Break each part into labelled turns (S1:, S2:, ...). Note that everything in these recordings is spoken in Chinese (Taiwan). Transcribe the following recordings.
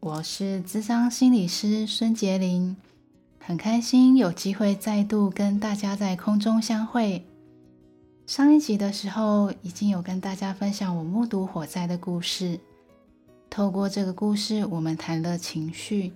S1: 我是諮商心理師孫倢舲，很開心有機會再度跟大家在空中相會。上一集的時候，已經有跟大家分享我目睹火災的故事。透過這個故事，我們談了情緒。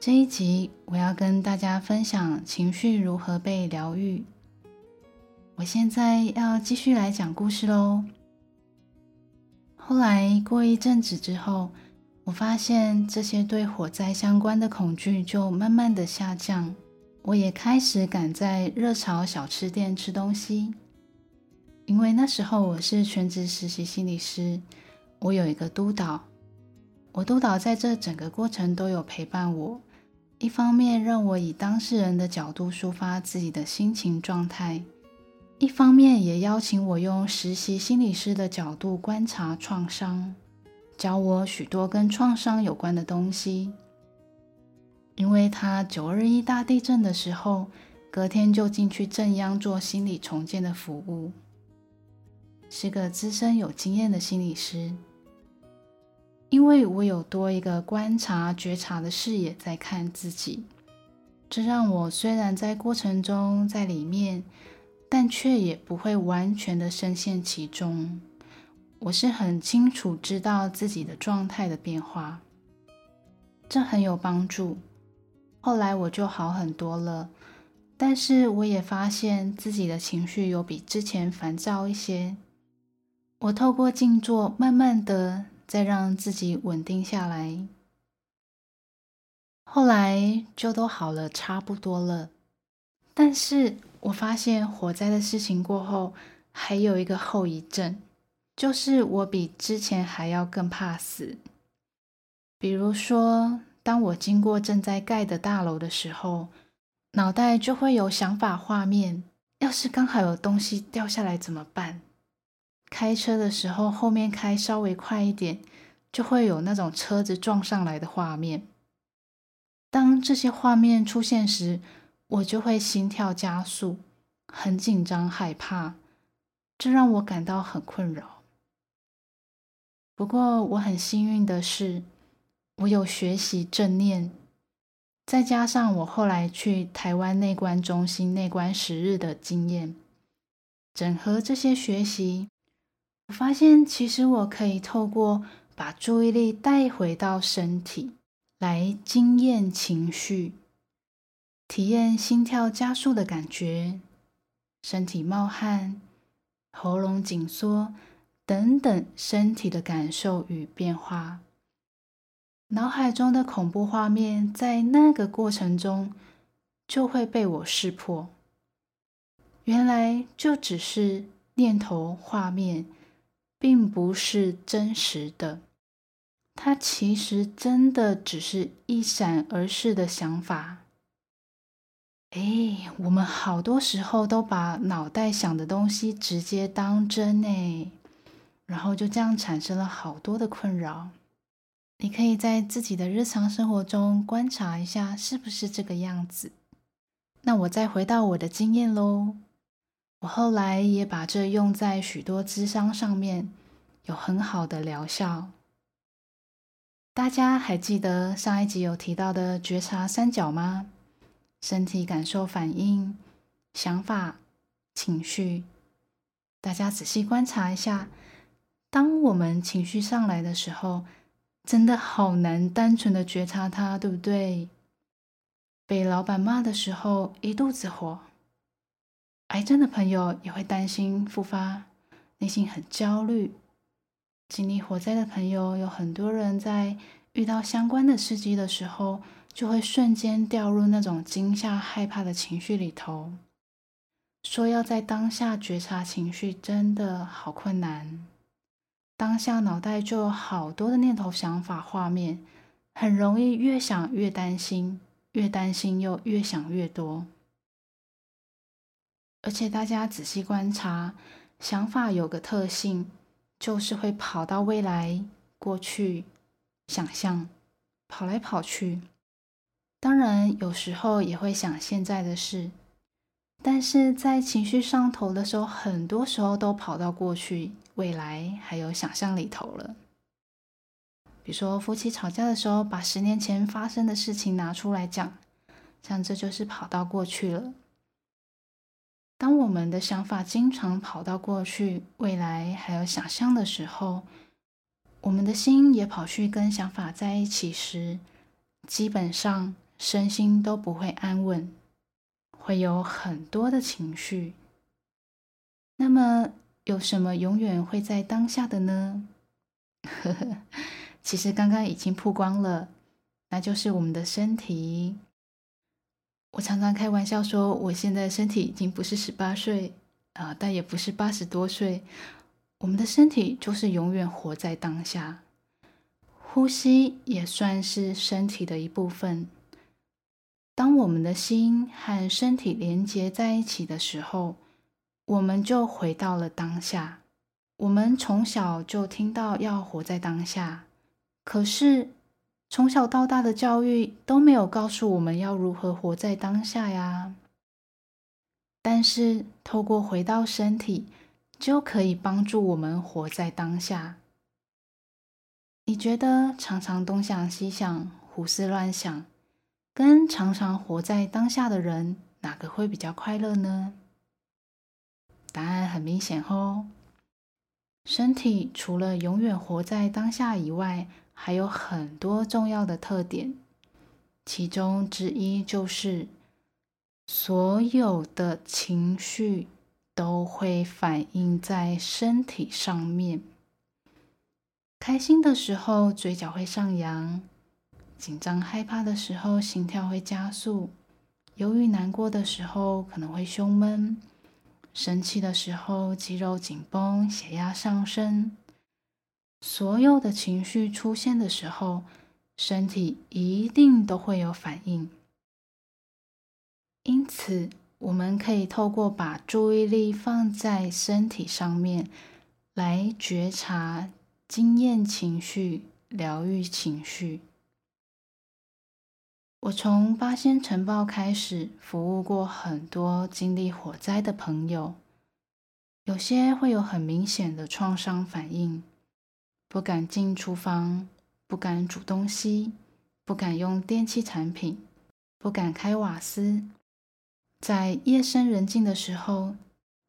S1: 這一集，我要跟大家分享情緒如何被療癒。我現在要繼續來講故事嘍。後來過一陣子之後，我發現這些對火災相關的恐懼就慢慢的下降，我也開始敢在熱炒小吃店吃東西，因為那時候我是全職實習心理師，我有一個督導，我督導在這整個過程都有陪伴我，一方面讓我以當事人的角度抒發自己的心情狀態，一方面也邀請我用實習心理師的角度觀察創傷。教我許多跟創傷有關的東西，因為他九二一大地震的時候，隔天就進去震央做心理重建的服務，是個資深有經驗的心理師。因為我有多一個觀察覺察的視野在看自己，這讓我雖然在過程中在裡面，但卻也不會完全的深陷其中。我是很清楚知道自己的狀態的變化，這很有幫助。後來我就好很多了，但是我也發現自己的情緒有比之前煩躁一些。我透過靜坐，慢慢的再讓自己穩定下來。後來就都好了，差不多了。但是我發現火災的事情過後，還有一個後遺症。就是我比之前還要更怕死。比如說，當我經過正在蓋的大樓的時候，腦袋就會有想法畫面：要是剛好有東西掉下來怎麼辦？開車的時候，後面開稍微快一點，就會有那種車子撞上來的畫面。當這些畫面出現時，我就會心跳加速，很緊張，害怕，這讓我感到很困擾。不過我很幸運的是，我有學習正念，再加上我後來去台灣內觀中心內觀十日的經驗，整合這些學習，我發現其實我可以透過把注意力帶回到身體，來經驗情緒，體驗心跳加速的感覺，身體冒汗，喉嚨緊縮。等等，身體的感受與變化，腦海中的恐怖畫面，在那個過程中就會被我識破。原來就只是念頭畫面，並不是真實的。它其實真的只是一閃而逝的想法。哎，我們好多時候都把腦袋想的東西直接當真，哎。然後就這樣產生了好多的困擾。你可以在自己的日常生活中觀察一下，是不是這個樣子？那我再回到我的經驗嘍。我後來也把這用在許多諮商上面，有很好的療效。大家還記得上一集有提到的覺察三角嗎？身體感受、反應、想法、情緒。大家仔細觀察一下。當我們情緒上來的時候，真的好難單純的覺察它，對不對？被老闆罵的時候一肚子火，癌症的朋友也會擔心復發，內心很焦慮。經歷火災的朋友，有很多人在遇到相關的刺激的時候，就會瞬間掉入那種驚嚇、害怕的情緒裡頭。說要在當下覺察情緒，真的好困難。當下腦袋就有好多的念頭、想法、畫面，很容易越想越擔心，越擔心又越想越多。而且大家仔細觀察，想法有個特性，就是會跑到未來、過去，想象跑來跑去。當然，有時候也會想現在的事，但是在情緒上頭的時候，很多時候都跑到過去。未來還有想象裡頭了，比如說夫妻吵架的時候，把十年前發生的事情拿出來講，像這，這就是跑到過去了。當我們的想法經常跑到過去、未來還有想象的時候，我們的心也跑去跟想法在一起時，基本上身心都不會安穩，會有很多的情緒。那麼。有什麼永遠會在當下的呢？呵呵，其實剛剛已經曝光了，那就是我們的身體。我常常開玩笑說，我現在身體已經不是十八歲啊，呃，但也不是八十多歲。我們的身體就是永遠活在當下。呼吸也算是身體的一部分。當我們的心和身體連接在一起的時候。我們就回到了當下。我們從小就聽到要活在當下，可是從小到大的教育都沒有告訴我們要如何活在當下呀。但是透過回到身體，就可以幫助我們活在當下。你覺得常常東想西想、胡思亂想，跟常常活在當下的人，哪個會比較快樂呢？答案很明顯哦。身體除了永遠活在當下以外，還有很多重要的特點，其中之一就是所有的情緒都會反映在身體上面。開心的時候，嘴角會上揚；緊張害怕的時候，心跳會加速；憂鬱難過的時候，可能會胸悶。生氣的時候，肌肉緊繃，血壓上升。所有的情緒出現的時候，身體一定都會有反應。因此，我們可以透過把注意力放在身體上面，來覺察、經驗情緒、療癒情緒。我從八仙塵爆開始服務過很多經歷火災的朋友，有些會有很明顯的創傷反應，不敢進廚房，不敢煮東西，不敢用電器產品，不敢開瓦斯，在夜深人靜的時候，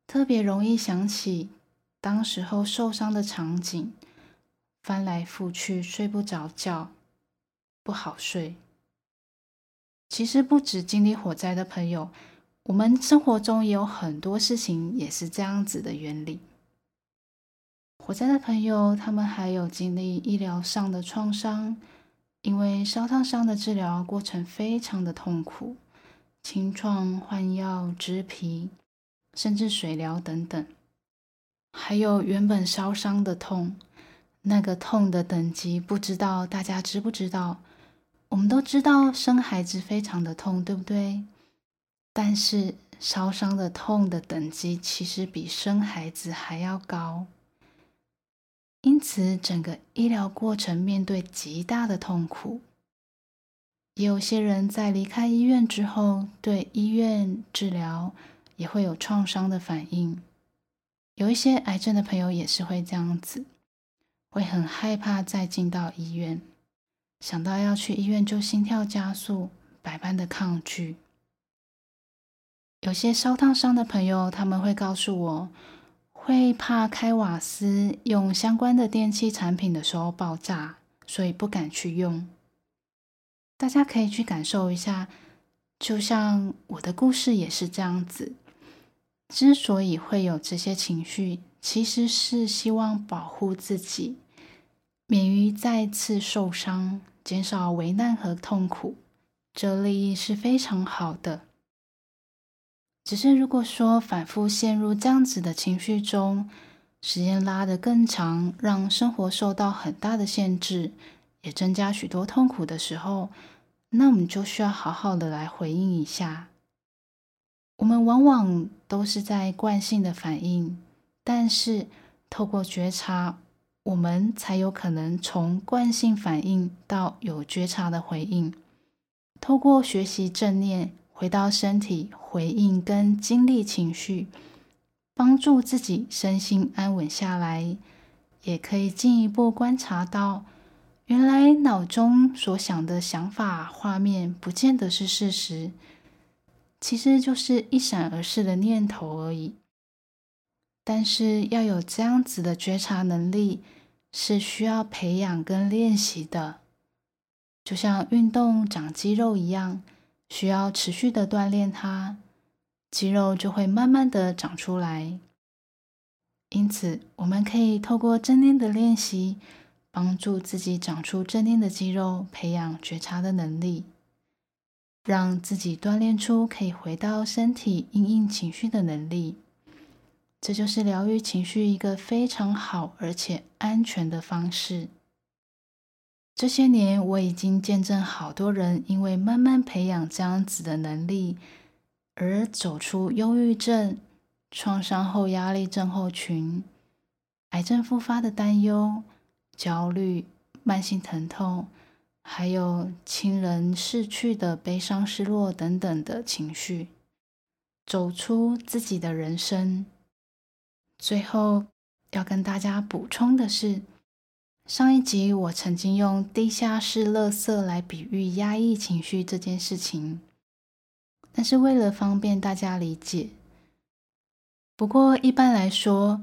S1: 特別容易想起當時候受傷的場景，翻來覆去睡不着覺，不好睡。其實不止經歷火災的朋友，我們生活中也有很多事情也是這樣子的原理。火災的朋友，他們還有經歷醫療上的創傷，因為燒燙傷的治療過程非常的痛苦，清創、換藥、植皮，甚至水療等等，還有原本燒傷的痛，那個痛的等級，不知道大家知不知道？我們都知道生孩子非常的痛，對不對？但是燒傷的痛的等級其實比生孩子還要高，因此整個醫療過程面對極大的痛苦。有些人在離開醫院之後，對醫院治療也會有創傷的反應。有一些癌症的朋友也是會這樣子，會很害怕再進到醫院。想到要去醫院就心跳加速，百般的抗拒。有些燒燙傷的朋友，他們會告訴我，會怕開瓦斯、用相關的電器產品的時候爆炸，所以不敢去用。大家可以去感受一下，就像我的故事也是這樣子。之所以會有這些情緒，其實是希望保護自己，免於再次受傷。減少危難和痛苦，這利益，是非常好的。只是如果說反覆陷入這樣子的情緒中，時間拉得更長，讓生活受到很大的限制，也增加許多痛苦的時候，那我們就需要好好的來回應一下。我們往往都是在慣性的反應，但是透過覺察，我們才有可能從慣性反應到有覺察的回應，透過學習正念，回到身體回應跟經歷情緒，幫助自己身心安穩下來，也可以進一步觀察到，原來腦中所想的想法畫面不見得是事實，其實就是一閃而逝的念頭而已。但是要有這樣子的覺察能力，是需要培養跟練習的，就像運動長肌肉一樣，需要持續的鍛鍊它，肌肉就會慢慢的長出來。因此，我們可以透過正念的練習，幫助自己長出正念的肌肉，培養覺察的能力，讓自己鍛鍊出可以回到身體因應情緒的能力。這就是療癒情緒一個非常好而且安全的方式。這些年，我已經見證好多人因為慢慢培養這樣子的能力，而走出憂鬱症、創傷後壓力症候群、癌症復發的擔憂、焦慮、慢性疼痛，還有親人逝去的悲傷失落等等的情緒，走出自己的人生。最後要跟大家補充的是，上一集我曾經用地下室垃圾來比喻壓抑情緒這件事情，但是為了方便大家理解。不過一般來說，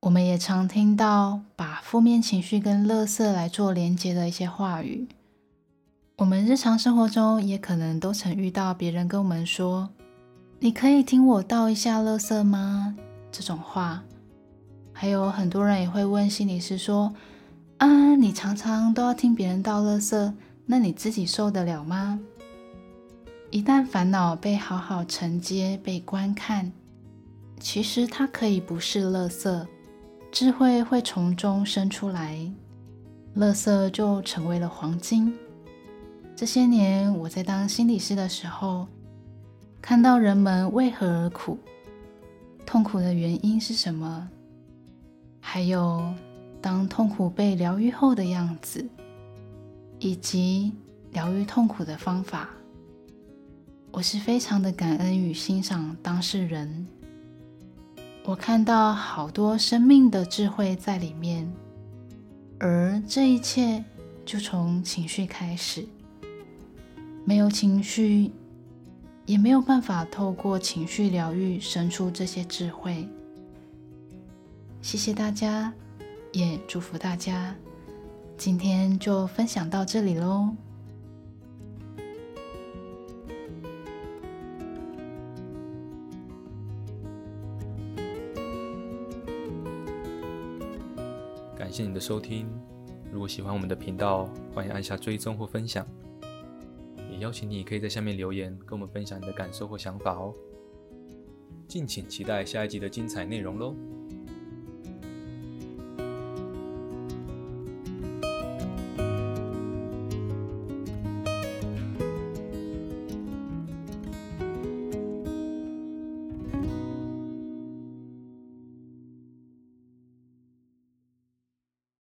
S1: 我們也常聽到把負面情緒跟垃圾來做連結的一些話語。我們日常生活中也可能都曾遇到別人跟我們說：“你可以聽我倒一下垃圾嗎？”這種話。還有很多人也會問心理師說：“啊，你常常都要聽別人倒垃圾，那你自己受得了嗎？”一旦煩惱被好好承接、被觀看，其實它可以不是垃圾，智慧會從中生出來，垃圾就成為了黃金。這些年我在當心理師的時候，看到人們為何而苦，痛苦的原因是什麼？還有，當痛苦被療癒後的樣子，以及療癒痛苦的方法，我是非常的感恩與欣賞當事人。我看到好多生命的智慧在裡面，而這一切就從情緒開始。沒有情緒，也沒有辦法透過情緒療癒生出這些智慧。謝謝大家，也祝福大家。今天就分享到這裡嘍。感謝你的收聽。如果喜歡我們的頻道，歡迎按下追蹤或分享。也邀請你可以在下面留言，跟我們分享你的感受或想法哦。敬請期待下一集的精彩內容嘍。